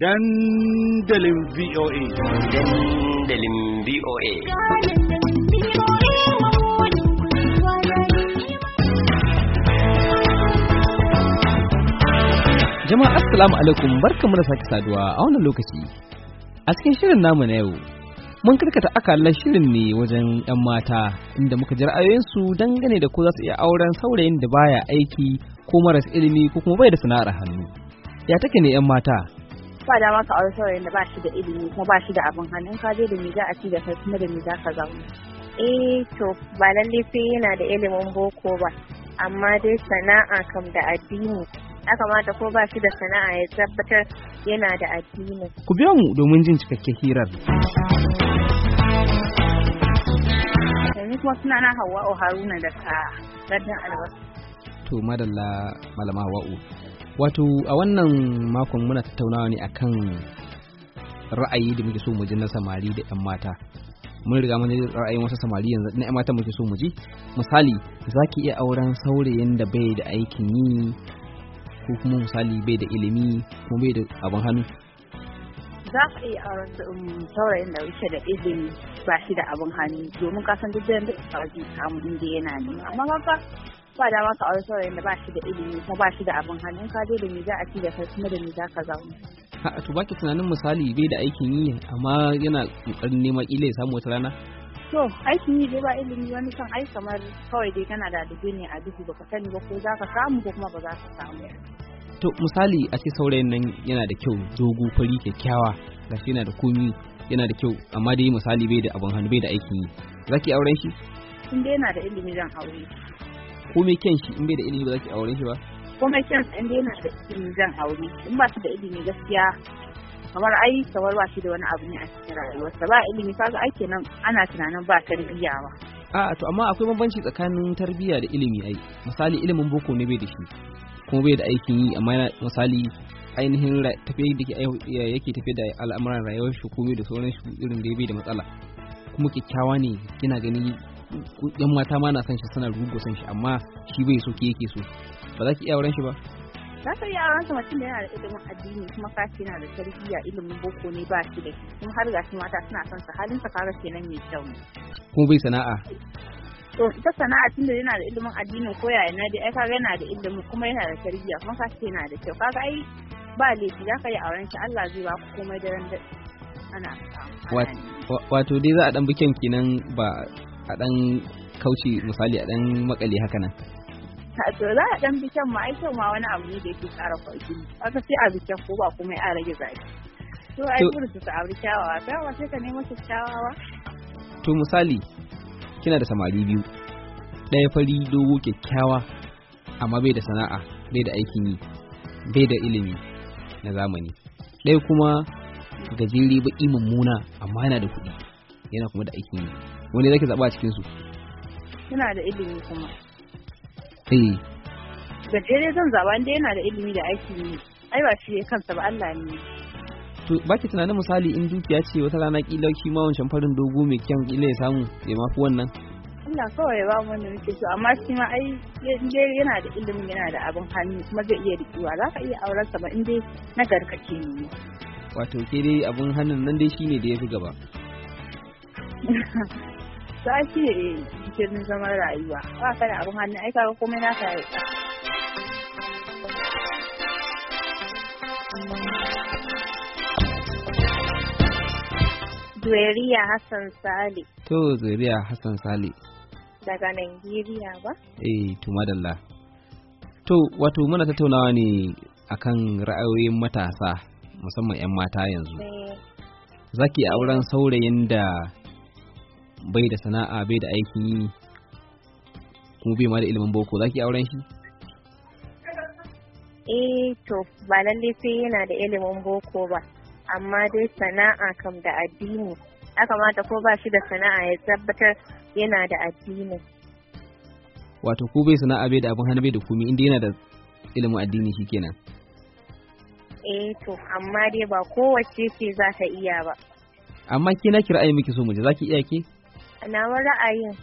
dandalin VOA. Dandalin VOA. Jama'a Assalamu alaikum barkamu da sake saduwa a wannan lokaci. A cikin shirin namu na yau, mun karkata akalar shirin ne wajen 'yan mata inda muka ji ra'ayoyinsu dangane da ko za su iya auren saurayin da baya aiki ko maras ilimi ko kuma bai da sana'ar hannu. Ya take ne 'yan mata ba dama ka aure saurayin da ba shi da ilimi kuma ba shi da abin hannu ka je da me za a ci da kai kuma da me za ka zauna eh to ba lalle sai yana da ilimin boko ba amma dai sana'a kam da addini ya kamata ko ba shi da sana'a ya tabbatar yana da addini ku biya mu domin jin cikakken hirar yanzu kuma suna na hawa haruna daga gardin albasa to madalla malama hawa'u wato a wannan makon muna tattaunawa ne akan ra'ayi da muke so mu ji na samari da 'yan mata mun riga mun ji ra'ayin wasu samari yanzu na 'yan mata muke so mu ji misali za ki iya auren saurayin da bai da aikin yi ko kuma misali bai da ilimi ko bai da abin hannu za ka iya auren um, saurayin da wuce da izini ba shi da abin hannu domin kasan duk da yadda ka samu inda yana nema amma ba ba da ka aure saurayin da ba shi da ilimi ko ba shi da abin hannun ka da me za a ci da kai kuma da me za ka zauna a to baki tunanin misali bai da aikin yi amma yana kokarin neman ile ya samu wata rana to aikin yi bai ba ilimi wani kan ai kamar kawai dai kana da dubi ne a duhu ka sani ba ko za ka samu ko kuma ba za ka samu to misali a ce saurayin nan yana da kyau dogo fari kyakkyawa ga shi yana da komi yana da kyau amma dai misali bai da abin hannu bai da aikin yi za ki auren shi in dai yana da ilimi zan aure komai kyan shi in bai da ilimi ba za ki aure shi ba komai kyan in dai yana da ilimi zan aure in ba su da ilimi gaskiya kamar ai kamar ba shi da wani abu ne a cikin rayuwarsa ba ilimi kaga ai kenan ana tunanin ba tarbiyya ba a to amma akwai bambanci tsakanin tarbiyya da ilimi ai misali ilimin boko ne bai da shi kuma bai da aikin yi amma misali ainihin tafiye da yake tafiye da al'amuran rayuwar shi komai da sauran shi irin da bai da matsala kuma kyakkyawa ne kina gani yan mata ma na son shi suna rugo san shi amma shi bai so ke yake so ba za ki iya auren shi ba za ka iya auren shi mutum da yana da ilimin addini kuma ka yana da tarbiyya ilimin boko ne ba shi da kuma har shi mata suna son sa halin sa kaga kenan mai kyau ne kuma bai sana'a to ita sana'a tun da yana da ilimin addini ko yaya na dai ai ga yana da ilimin kuma yana da tarbiyya kuma ka yana da kyau ga ai ba laifi za ka yi auren shi Allah zai ba ku komai da ran ana wato dai za a dan bikin kenan ba a dan kauce misali a dan makale haka nan to za a dan bikin ma ai ma wani abu ne da yake tsara kwarki aka sai a bikin ko ba kuma ya rage zafi to ai gudu su ta auri kyawawa kyawawa sai ka nemo kyawawa to misali kina da samari biyu ɗaya fari dogo kyakkyawa amma bai da sana'a bai da aikin yi bai da ilimi na zamani ɗaya kuma gajere baƙi mummuna amma yana da kuɗi yana kuma da aikin yi wani zaki zaba a cikin su yana da ilimi kuma eh dai zan zaɓa inda yana da ilimi da aikin yi ai ba shi kansa ba Allah ne to ba ki tunanin misali in dukiya ce wata rana kila shi ma wancan farin dogo mai kyan kila ya samu ya mafi wannan Allah kawai ya ba mu wanda muke so amma shi ma ai yana da ilimi yana da abin hannu kuma zai iya rikiwa za ka iya auren sa ba in dai na garkace ne wato ke dai abin hannun nan dai shine da ya fi gaba ta shi ne jikin zaman rayuwa ba ka da abin hannu ai ga komai na ka yi Zuweriya Hassan Sale. To Zuweriya Hassan Sale. Daga Najeriya ba? Eh, to madalla. To wato muna tattaunawa ne akan ra'ayoyin matasa musamman 'yan mata yanzu. Eh. Zaki auren saurayin da bai da sana'a bai da aikin yi kuma bai ma da ilimin boko za ki auren shi eh to ba lalle sai yana da ilimin boko ba amma dai sana'a kam da addini aka kamata ko ba shi da sana'a ya tabbatar yana da addini wato ko bai sana'a bai da abin hannu bai da komi inda yana da ilimin addini shi kenan. eh to amma dai ba kowace ce za ta iya ba amma ke na kira ai miki so mu je za ki iya ke A nawa ra'ayin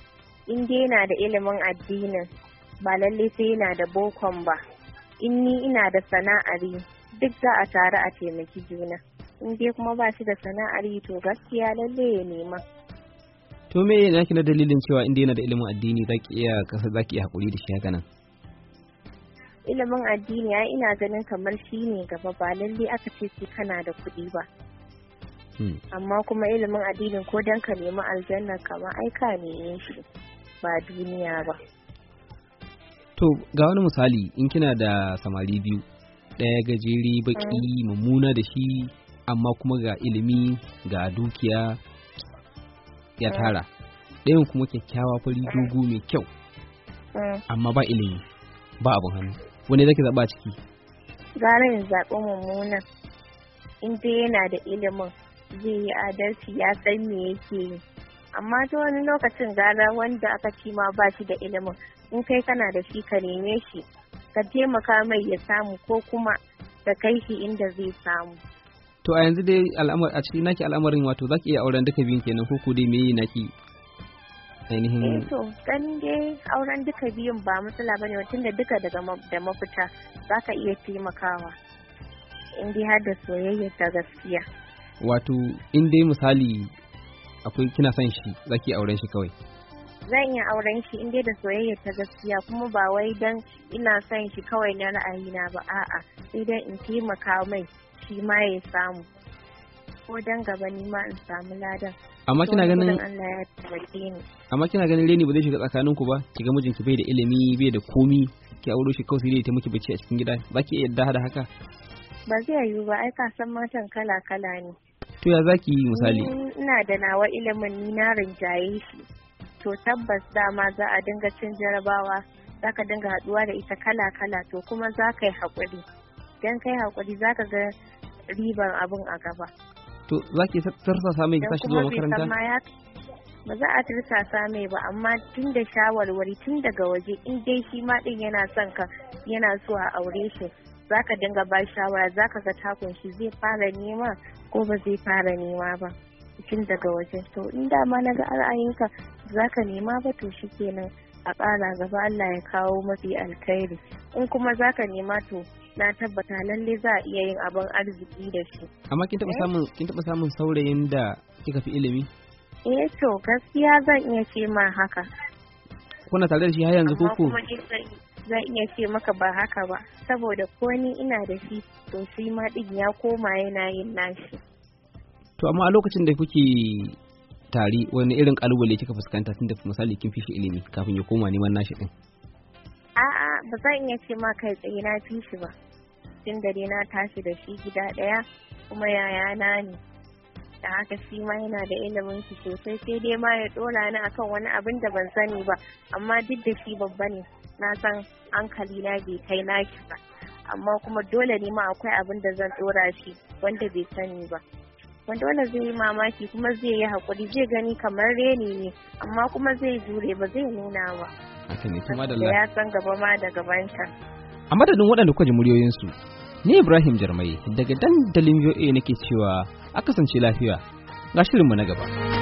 in dai na da ilimin addinin ba lalle sai yana da bokon ba in ni ina da sana'ari duk za a tare a taimaki juna in dai kuma ba shi da sana'ari to gaskiya lalle ya nema to me yana kina dalilin cewa in dai yana da ilimin addini zaki iya kasa zaki iya hakuri da shi haka nan ilimin addini ya ina ganin kamar shi ne gaba ba lalle aka ce sai kana da kuɗi ba Hmm. amma kuma ilimin addinin ko dan ka nemi aljanna kama aika ka neme shi ba duniya ba to ga wani misali in kina da samari biyu ɗaya gajeri baki hmm. mummuna da shi amma kuma ga ilimi ga dukiya ya hmm. tara ɗayan kuma kyakkyawa fari dogo mai kyau amma ba ilimi ba abin hannu wani zaki zaɓa ciki gara in zaɓi mummuna in dai yana da ilimin zai yi adalci ya san me yake yi amma ta wani lokacin gara wanda aka ci ma ba shi da ilimin in kai kana da shi ka neme shi ka taimaka mai ya samu ko kuma ka kai shi inda zai samu to a yanzu dai al'amar a cikin naki al'amarin wato za ka iya auren duka biyun kenan ko ku dai me naki ainihin eh to ganin dai auren duka biyun ba matsala bane da duka daga da mafita za ka iya taimakawa in dai har da soyayya ta gaskiya wato in dai misali akwai kina son shi zaki auren shi kawai zan iya auren shi in dai da soyayya ta gaskiya kuma ba wai dan ina son shi kawai na ra'ayi na ba a'a sai dan in taimaka mai shi ma ya samu ko dan gaba ni ma in samu ladan amma kina ganin amma kina ganin reni ba zai shiga tsakanin ku ba kiga mijinki bai da ilimi bai da komi ki auro shi kawai sai dai miki bace a cikin gida ba ki iya da haka ba zai yiwu ba ai ka san matan kala kala ne to ya zaki yi misali ina da nawa ilimin ni na rinjaye shi to tabbas dama za a dinga cin jarabawa za ka dinga haduwa da ita kala kala to kuma za ka yi haƙuri don kai haƙuri za ka ga riban abin a gaba to za ki tarsasa mai shi zuwa makaranta ba za a tirsasa mai ba amma tun da shawarwari tun daga waje in dai shi ma din yana son ka yana so a aure shi za ka dinga ba shawara za ka ga takun shi zai fara nema ko ba zai fara nema ba cikin daga wajen to in dama na ga ra'ayinka za ka nema ba to shi kenan a ƙara gaba Allah ya kawo mafi alkhairi in kuma za ka nema to na tabbata lalle za a iya yin abin arziki da shi amma kin taɓa eh? samun kin taɓa samun saurayin da kika fi ilimi eh to gaskiya zan iya ce ma haka kuna tare da shi har yanzu ko ko zan iya ce maka ba haka ba saboda ko ni ina da shi to shi ma ɗin ya koma yana yin nashi to amma a lokacin da kuke tari wani irin kalubale kika fuskanta tun da misali kin fishi ilimi kafin ya koma neman nashi din a'a ba zan iya ce ma kai tsaye na fishi ba tun da na tashi da shi gida ɗaya kuma yaya na ne da haka shi ma yana da ilimin shi sosai sai dai ma ya dora ni akan wani abin da ban sani ba amma duk da shi babba ne na san hankali na bai kai shi ba amma kuma dole ne ma akwai abin da zan dora shi wanda bai sani ba wanda wanda zai yi mamaki kuma zai yi hakuri zai gani kamar reni ne amma kuma zai jure ba zai nuna ba haka ne kuma da ya san gaba ma da ka a madadin waɗanda kwaji muryoyinsu ni ibrahim jarmai daga dandalin voa nake cewa a kasance lafiya ga shirinmu na gaba.